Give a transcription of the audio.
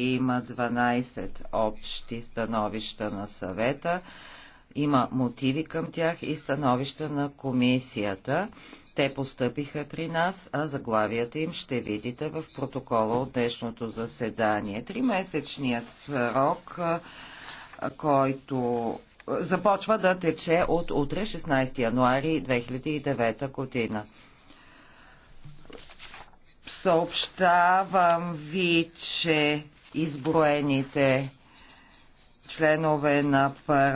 Има 12 общи становища на съвета. Има мотиви към тях и становища на комисията. Те постъпиха при нас, а заглавията им ще видите в протокола от днешното заседание. Тримесечният срок, който започва да тече от утре 16 януари 2009 година. Съобщавам ви, че изброените членове на парламента.